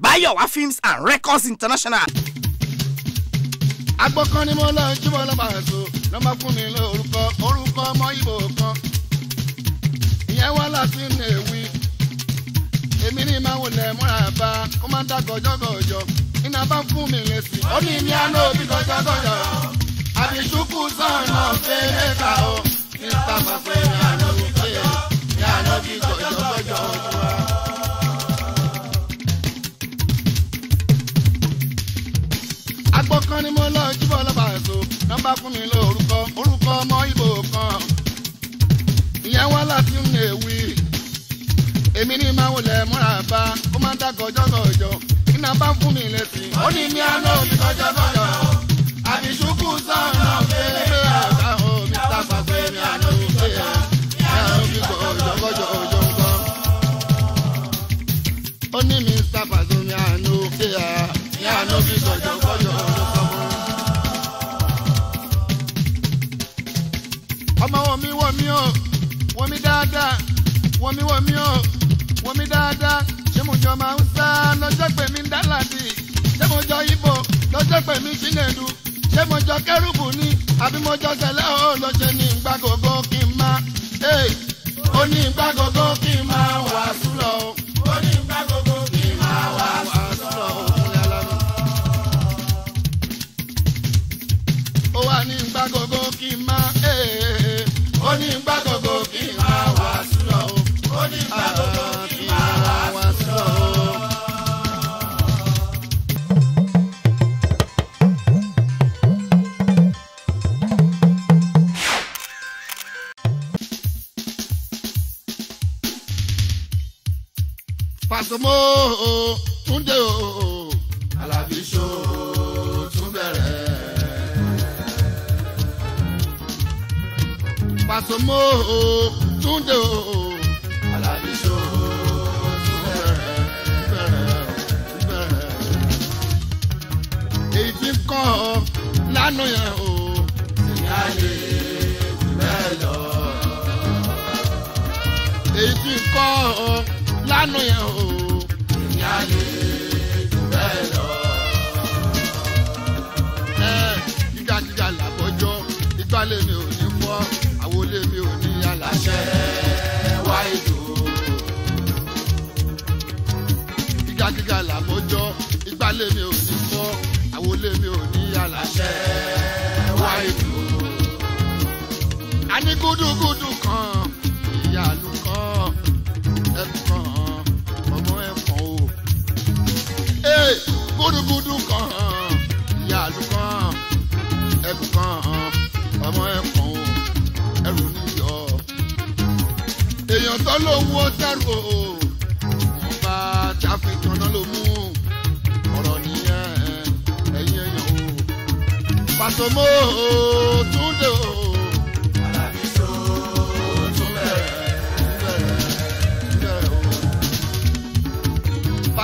bayowa films and records international. agbọ́kan ni mo lọ jíbọ̀ lọ́ba àṣọ ló máa fún mi lórúkọ orúkọ ọmọ ìbò kan ìyẹn wá láti nèwí èmi ní máa wò lẹ̀ múra bá kó má dá gọjọgọjọ iná bá fún mi lè sí. ó ní ní àná òbí gọjọgọjọ àbíṣúkú sọ̀nà fèrè ká o ní sábà pé àná òbí gọjọgọjọ ní àná òbí gọjọgọjọ. kán bá fún mi lórúkọ orúkọ ọmọ Ìgbò kan ìyẹn wá láti Nnewi èmi ní máa wọlé múra bá kó má dá gọjọgọjọ iná bá fún mi lẹ́sìn. ó ní mi àná òbí gọjọgọjọ àbí ṣùkú sọ̀rọ̀ fèrè. wọmi wọmi o wọmi dáadáa ṣé mo jọ máa ń sá lọ́jọ́ pé mi ń dálàdì ṣé mo jọ ibo lọ́jọ́ pé mi ṣílẹ̀dù ṣé mo jọ kẹ́rùbù ni àbí mo jọ sẹ̀lẹ̀ o lọ ṣe ní ìgbàgògó kí n má ó ní ìgbàgògó kí n má wá sí. o túnde o. Àlàbí ṣó tún bẹ̀rẹ̀. Pàṣẹmó o túnde o. Àlàbí ṣó tún bẹ̀rẹ̀ bẹ̀rẹ̀ bẹ̀rẹ̀. Èyí ti kọ́ ọ lánàá yẹn o. Ìyá lè bẹ́ẹ̀ lọ. Èyí ti kọ́ ọ lánàá yẹn o láyé jù bẹ́ẹ̀ lọ. ẹ gígagíga làbọjọ ìgbálẹ̀ mi ò ní fọ́ àwọlé mi ò ní aláṣẹ wá ètò. gígagíga làbọjọ mi ò ní mi ò ní aláṣẹ wá ètò. a ní gúdúgúdú kan. gúdúgúdú kan ìyá àlù kan ẹrù kan ọmọ ẹ̀kan o ẹrù níyọ. èèyàn tó lówó dárò o wọn bá táfíìkì ọ̀nà ló mú ọ̀rọ̀ nìyẹn ẹ̀yìn èèyàn o. Pàṣẹ mo Túndé o.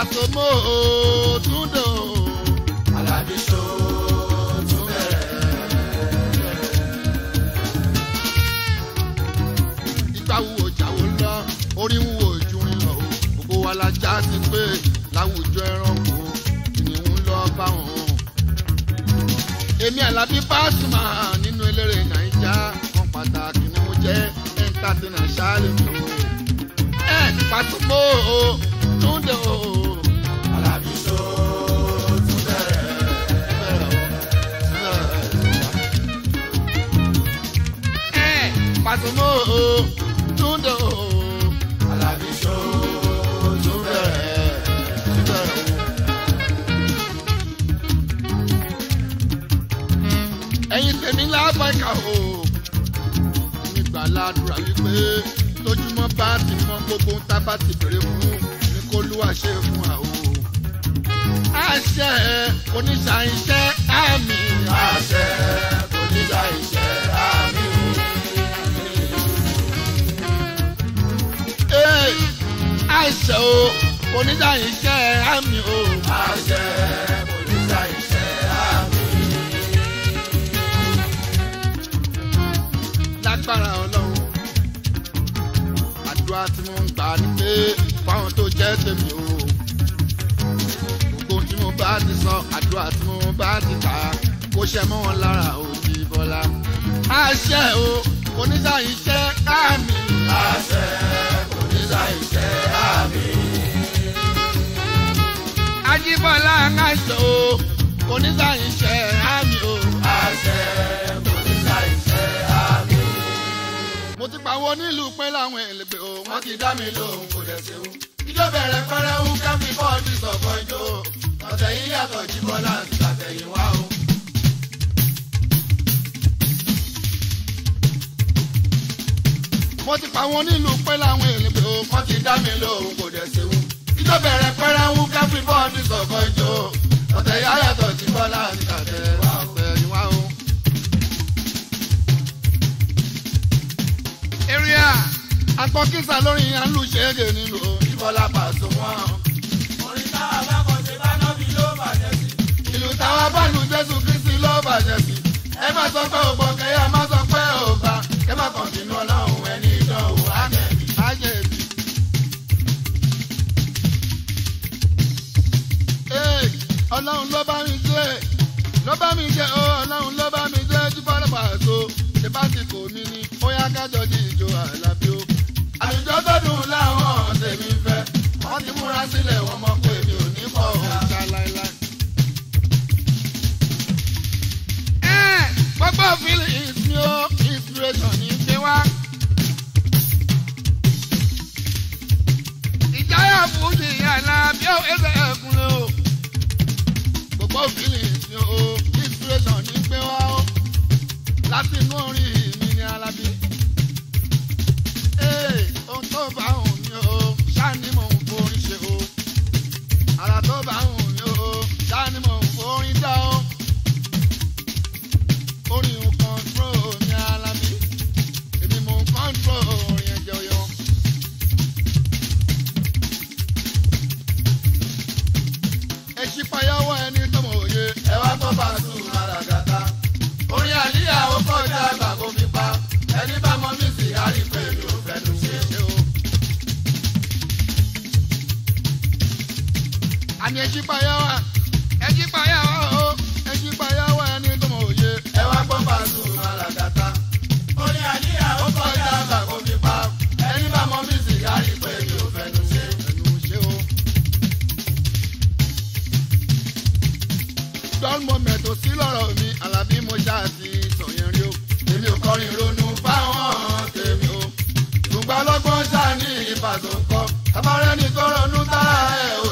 Pasuma Òtúndò. Àlàbí ṣó tún bẹ̀rẹ̀. Ìgbà wo ọjà wo lọ, orí ń wo ojú ń lọ o. Gbogbo wa la já sí pé láwùjọ ẹranko kìnìún lọ bá Èmi Àlàbí Pasuma nínú eléré Nàìjíríà kan pàtàkì ni mo jẹ́ ẹ́ńtátínà ṣáálẹ̀ mi o. Ẹ Pasuma o ṣe eh, o. Alábí tó tún bẹ̀rẹ̀. Ẹ Pàṣẹmọ́ o tún dẹ̀ o. Alábí tó tún bẹ̀rẹ̀. Ẹyin tèmi láàbọ̀ ẹ̀ka o. Ìgbàlá àdúrà wípé lójúmọ́ bá ti mọ gbogbo ń tá bá ti bèrè fún k'Olúwa ṣe fún wa o. àṣẹ oníṣà iṣẹ́ àmì. àṣẹ oníṣà iṣẹ́ àmì. àṣẹ o oníṣà iṣẹ́ àmì o. àṣẹ oníṣà iṣẹ́ àmì. lágbára ọlọ́run àdúrà tí mo ń gbà ni pé fáwọn tó jẹ́ tèmi o. Gbogbo tí mo bá ti san àdúrà tí mo bá ti kà á kó ṣe mọ́ wọn lára òjì bọ́lá. Àṣẹ o, oníṣà iṣẹ́ A Àṣẹ oníṣà iṣẹ́ àmì. Ajíbọ́lá ń ṣe o, oníṣà iṣẹ́ àmì o. Àṣẹ. onílù pé láwọn èlègbè o. wọ́n ti dá mi lóhùn kò dẹ̀ ṣeun. ijó bẹ̀rẹ̀ pẹ́rẹ́ ń kẹ́mi bọ́ọ̀dù sọ̀kọ́ ijó. ọ̀tẹ̀ yìí yàtọ̀ jí bọ́lá àtẹ̀yìnwá o. wọ́n ti pa wọn nílùú pé láwọn èlègbè o. wọ́n ti dá mi lóhùn kò dẹ̀ ṣeun. ijó bẹ̀rẹ̀ pẹ́rẹ́ ń kẹ́mi bọ́ọ̀dù sọ̀kọ́ ijó. ọ̀tẹ̀ yìí yàtọ̀ jí bọ́lá àtẹ̀yìnwá o. area akọkísà lórí alùṣègè nílò ìbọlá pàṣẹ wọn. orin táwa bá kọ ṣe báná bí ló bàjẹ́ sí. ìlú táwa bá lu jésù kristi ló bàjẹ́ sí. ẹ má sọ pé ògbọ́ kẹ́ ẹ má sọ pé ògbà kẹ́ má kàn sínú ọlọ́run ẹni ìdánwò ájẹ̀bí. ájẹ̀bí. ọlọ́run ló bá mi jẹ́ ló bá mi jẹ́ ó oh, ọlọ́run ló bá mi jẹ́ jùbọ́lá pàṣẹ fásitì mi ni ó yá kájọ jí ìjọ àlàbí o. àlùjọ tó dùn láwọn tèmi fẹ́ wọ́n ti múra sílẹ̀ wọ́n mọ̀ pé mi ò ní kọ̀ ọ̀gá ẹ gbogbo fílì ìsinmi ó inspiration ní gbé wá. ìjáyà fújì àlàbí ó ẹsẹ̀ ẹ̀kúnlẹ̀ o gbogbo fílì ìsinmi ó láti inú orin mi ní Alábí. ee ohun tó bá òun ni o ṣáà ni mò ń forin ṣe o ara tó bá òun ni o ṣáà mò ń forin dá o. orin ò kọ́ńtró ní Alábí èmi mò ń kọ́ńtró orin ẹ̀jẹ̀ ọ̀yọ́. ṣípayáwó ẹni tó mọ̀ òye ẹ wá tó bá a sùn. ẹjípayá wa wa o oh, ẹjípayá wa ẹni tó mọ òye. ẹ wá gbọ́ pàṣẹ àràgàtà ó ní àníyá ó kọjá àgbàgbọ́ mi pa ẹni bá mọ bí sìgárì pé mi ò don moment ò sí mi alábí mo ṣáà ti sọ̀yìn rí o. èmi ò kọrin ronú fáwọn tèmi o ṣùgbọ́n lọ́gbọ́n ṣáà ní ìbàdàn kọ́ abárẹ́ni tó tára ẹ̀ o.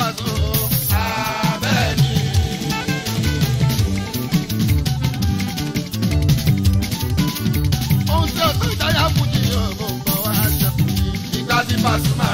próxima.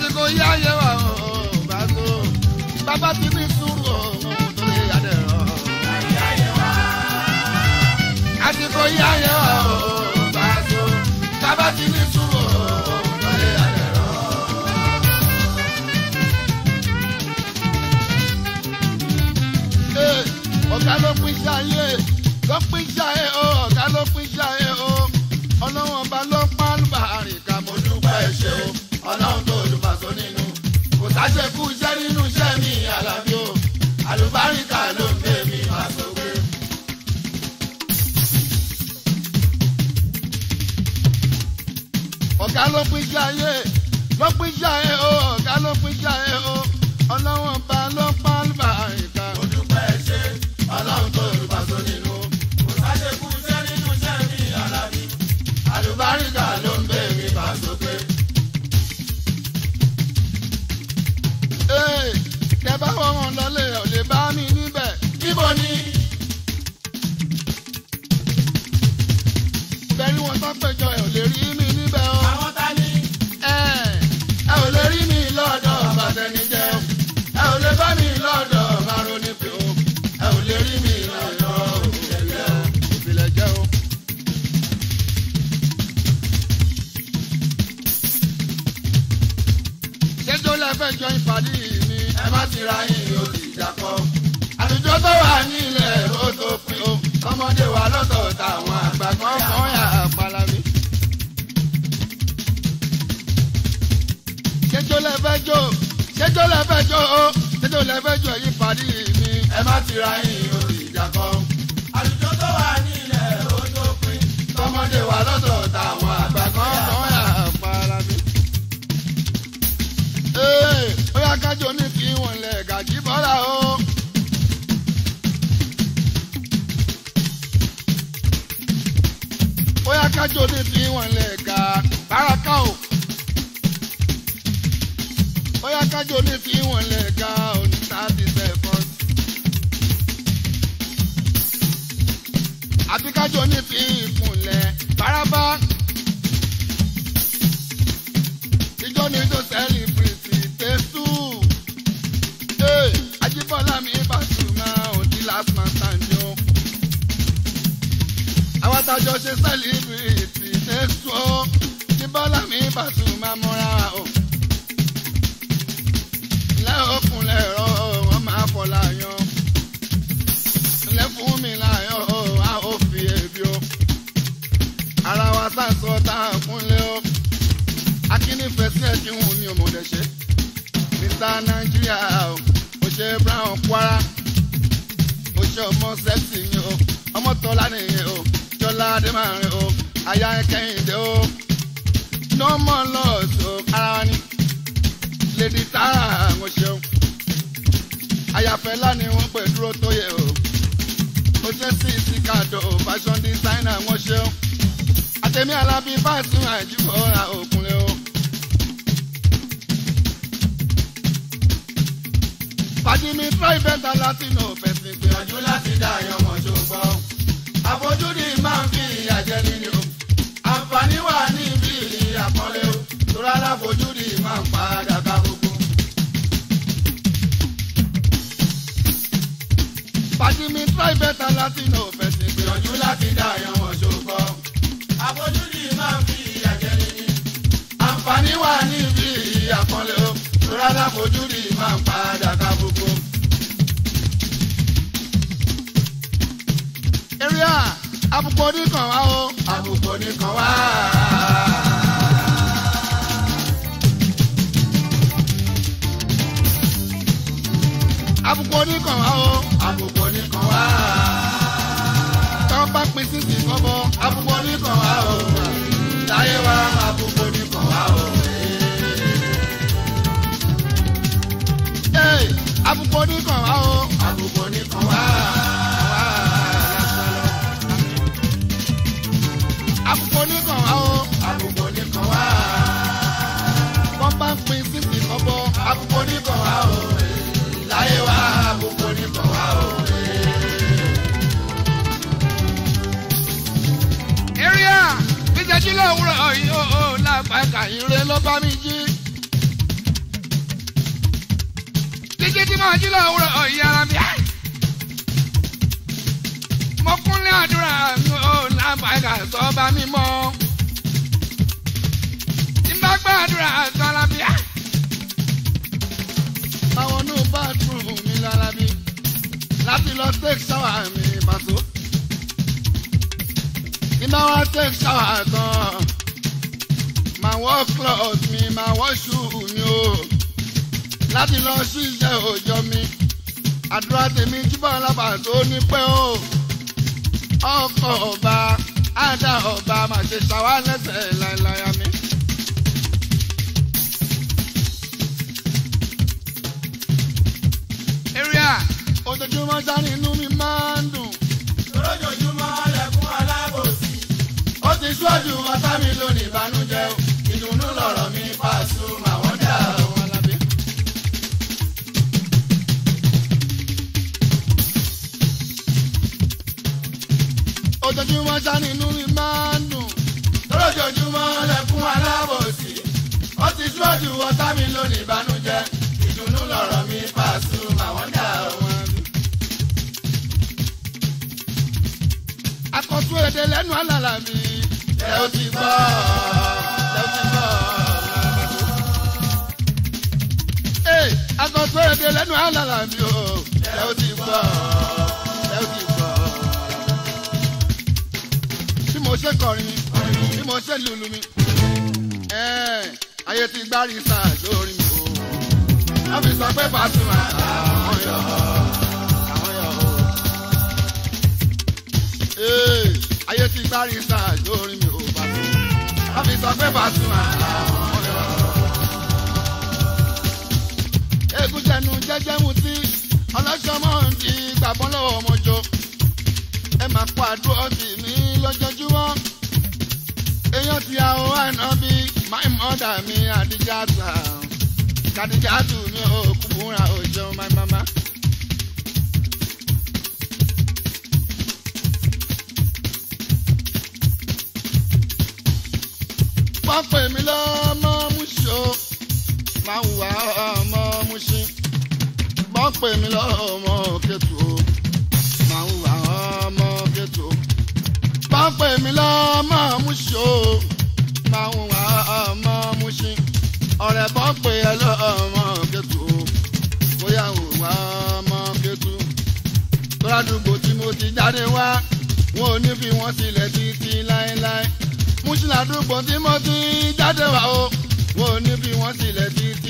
àsìkò yá yẹ wà ó bá tó bàbá ti ní sùúrù ó tó lè yá dẹ̀ rọ. àsìkò yá yẹ wà ó bá tó bàbá ti ní sùúrù ó tó lè yá dẹ̀ rọ. ọ̀gá ló ọ̀gá ló pín jáyé ló pín jáyé o ọ̀gá ló pín jáyé o ọlọ́wọ́n ba ló pa àlùbáríkà. mo dúpẹ́ ṣe ọlọ́run tó yorùbá tó nínú kò sáṣekú iṣẹ́ nínú iṣẹ́ mi alábí àlùbáríkà ló ń bèèrè bá sókè. kẹ bá wọn lọlé ò lè bá mi níbẹ̀ níbo ni. bẹ́ẹ̀ ni wọ́n tán péjọ ẹ̀ ò lè rí ọmọlẹ̀ Gàjíbọ́lá o. bóyá kájọ ní ti wọn lẹ̀ gà báraka o. bóyá kájọ ní ti wọn lẹ̀ gà òní thirty seconds. àbí kájọ ní ti ìkúnlẹ̀ bárabá. ìjọ ni tó sẹ́lì. tájọ ṣe sẹ́líbìrìtì nẹ́sùn ó ní bọ́lá mi bàtú máa múra o. lẹ́ọ̀kùn lẹ́rọ wọn máa fọ láyọ̀ lẹ́fún mi láyọ̀ a ó fi èbí o. ara wa sàṣọ tá a kúnlé o. akínífẹ́ sí ẹ̀sìn òun ni òmòdè ṣe. mr Nigeria, o ò ṣe brown kwara ò ṣe ọmọ sẹ́sì ni o ọmọ tọ́lá nìyẹn o. Abíọ́lá Adémàrin o aya Kẹ́hìndé o nọmọ lọọsọ ara ni lèdi tààrà àwọn ṣeun àyàfẹ́lá ni wọ́n pè dúró tó yẹ o òṣèṣì síkàdọ fashion designer wọ́n ṣeun àtẹ̀mí alábí fásitì àjíbọ̀ ra òkùnrin o. fàjìmí try better láti nà òfẹ̀sìn gbìyànjú láti dá àyànmọ́ ṣògbọ́n àfojúdi máa ń fi ìyà jẹ nínú o àǹfààní wà níbi àpọ́nlé o tóra láfojúdi máa try better láti nà òfẹ́ sí gbìyànjú láti dá àyàn wọn ṣòkọ́. àfojúdi máa ń fi ìyà jẹ nínú àǹfààní wà níbi àpọ́nlé o tóra láfojúdi padà. àbùkù oníkan wá o àbùkù oníkan wá. àbùkù oníkan wá o àbùkù oníkan wá. tọ́pá pin sísì kọ́bọ̀ àbùkù oníkan wá o láyé wa àbùkù oníkan wá o. àbùkù oníkan wá o àbùkù oníkan wá. Oh ó lápákà ire ló bá mi jí. títí tí màá jí láwùrọ̀ ọ̀yẹ́ ara mi. mo kúnlẹ̀ àdúrà mi ó lápákà tó bá mi mọ́. tí bá gbàdúrà sálábíà. báwọn náà bá mi lára bí láti mi pàtó. ìbáwá take shower máa wọ́ cloth mi máa wọ́ shoe mi o láti lọ sí iṣẹ́ òòjọ́ mi àdúrà tèmi jíbọ̀ lábà tó ní pẹ́ o ọkọ̀ ọba ádá ọba màṣẹ ṣàwá lẹ́sẹ̀ láìláyà mi. ojoojúmọ́ sáré inú mi máa ń dùn. lójoojúmọ́ lẹ̀kún alábòsí ó ti ṣúọ́jú ọ̀tá mi lónìí ìbànújẹ́ o lọ̀rọ̀ mi Pasuma wọ́n dà o. ojoojúmọ́ ṣá nínú mi máa ń dùn. lójoojúmọ́ lẹ́kún alábòsí ó ti ṣúọ́jú ọ̀tá mi lónìí ìbànújẹ́ ìdùnnú lọ̀rọ̀ mi Pasuma wọ́n dà o. akọ̀tún èdè lẹ́nu àlàlà mi. ó ti gbọ́ ọ. nínú àlàlà mi o ẹ ó ti gbọ́ ẹ ó ti gbọ́. bí mo ṣe kọrin mi bí mo ṣe lùlù mi ayé ti gbárí sáà lórí mi o. wọ́n fi sọ pé Pasuma àwọn yọ̀ àwọn yọ̀ o. Eh, ayé ti gbárí sáà lórí mi o. wọ́n fi sọ pé Pasuma àwọn yọ̀ jẹnu jẹjẹ mutí ọlọ́ṣọ́ mọ́ ń di gbàgbọ́ lọ́wọ́ ọmọjọ ẹ máa kó àdó ọtí mi lójoojúmọ́ èèyàn ti àwọn àná bí my mother mi àdíjà tà kàdíjà tù mí ò kúkúra òjò my mama. wọ́n pè mí lọ́mọ́ mú ṣó máa wù wá ọmọ mú ṣí wọ́n pè mí lọ́mọ kẹtù o máa ń wà ọmọ kẹtù o wọ́n pè mí lọ́mọ múṣì o máa ń wà ọmọ múṣì ọ̀rẹ́ bọ́ pè ẹ lọ́mọ kẹtù o bóyá ń wà ọmọ kẹtù lọ́dúgbò tí mo ti jáde wá wọn ò ní fi wọn sílẹ̀ títí láéláé múṣì ládùúgbò tí mo ti jáde wá o wọn ò ní fi wọn sílẹ̀ títí.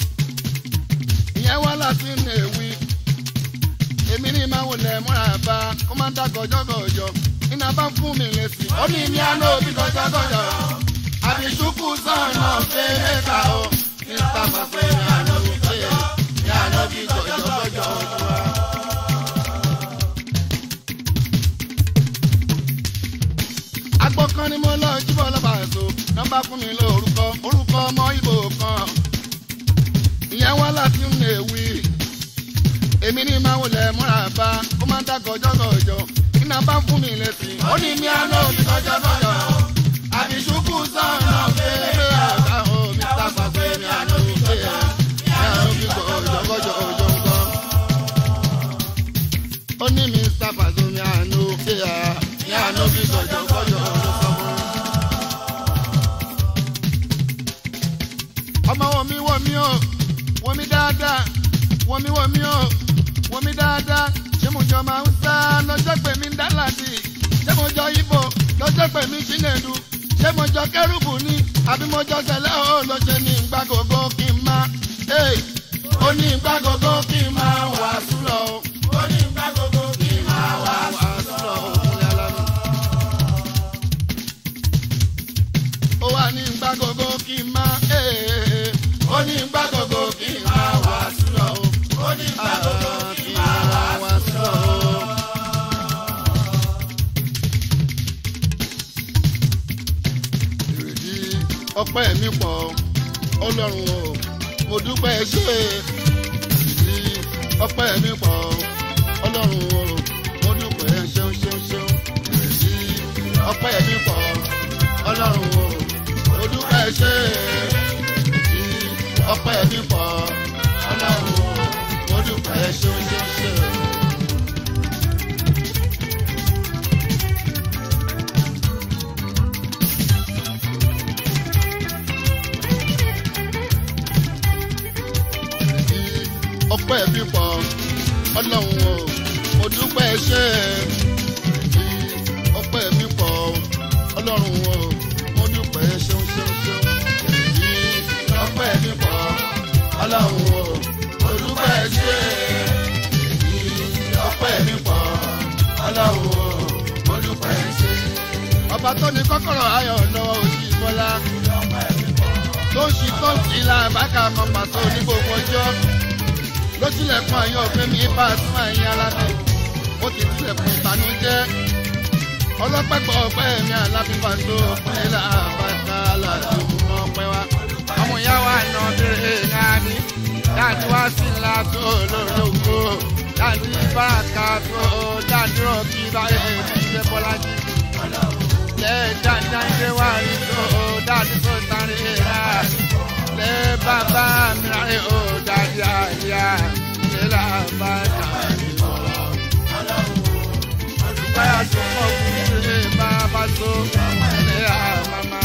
ìyẹn wá láti nà èwi èmi ní máa wò lẹ̀ múra bá kó máa ń dá gọjọ́gọjọ́ iná bá fún mi lẹ́sìn. ó ní ní àná òbí gọjọ́gọjọ́ àbíṣúkú sọ̀nà fèrè ká o kí n ta máa pé àná òbí gọjọ́ ní àná òbí gọjọ́gọjọ́ òjò. agbọ́n kan ni mo lọ jíbọ̀ lọ́bàá èso nọ́mbà fún mi lórúkọ orúkọ ọmọ ìbò kan. ìyẹn wá láti na ewi emi ní máa wọlé múra bá ó máa ń dàgọ́ jọ́gọ́jọ́ iná bá fún mi létí. ó ní mi àná òbí tọ́jọ́ tọ́jọ́ àbí ṣùkú sọ̀nà fèrè àgbà omi tàbá pé mi àná òbí tọ́jọ́ mi àná òbí jọ́gọ́jọ́ òjò ń gbọ́. ó ní mi sábà mi wọmi wọmi o wọmi dáadáa ṣé mo jọ máa ń sá lọ́jọ́ pé mi ń dá láti ṣé mo jọ ibo lọ́jọ́ pé mi ṣílẹ̀dù ṣé mo jọ kẹ́rùbù ni àbí mo jọ sẹ̀lẹ̀ ó lọ ṣe ní ìgbàgògó kí n má ó ní ìgbàgògó kí n má wàásù lọ ó ní ìgbàgògó kí n má wà ní gbàgógó kí n má. ó ní gbàgógó. ọpẹ́ mi pọ̀ ọlọ́run o mo dúpẹ́ ṣe sí ọpẹ́ mi pọ̀ ọlọ́run o mo dúpẹ́ ṣeun ṣeun ṣeun sí ọpẹ́ mi pọ̀ ọlọ́run o mo dúpẹ́ ṣe sí ọpẹ́ mi pọ̀ ọlọ́run o mo dúpẹ́ ṣeun ṣeun ṣeun. dúpẹ́ fífọ́ ọlọ́run o mo dúpẹ́ ṣe fi ọpẹ́ mi ọlọ́run o mo dúpẹ́ ṣeun ṣeun ṣeun fi ọpẹ́ mi ọlọ́run o mo dúpẹ́ ṣe fi ọpẹ́ mi ọlọ́run o mo dúpẹ́ ṣe. ọba tó ní kọ́kọ́rọ́ ayọ̀ lọ́wọ́ òsì ìbọlá tó ń ṣí tó ń kí láàbákà mọ́ pàtó ní ló tilẹ̀kùn ayọ̀ fún mi bá a sún àyìn alábí ó ti tilẹ̀kùn ìbànújẹ́ ọlọ́pẹ̀pẹ̀ ọ̀pẹ́ mi alábíbá tó fúnlẹ̀ làbàtà làdùnkù mọ́ ọpẹ́ wa ọmọ ìyá wa nà bèrè láàbí láti wá sí ńlá tó lórúkọ láti bàkà tó dájú ọ̀kí báyẹ̀ ìdílé bọ́lájí lẹ́ẹ̀dáńdáńdé wà ní tó dájú tó tán rí rà ilé bàbá mi rè ó dáyà yá ilé làbá náà ìbọ̀ ọlọ́run ọdún báyà tó kọ́ kú ilé bàbá tó ilé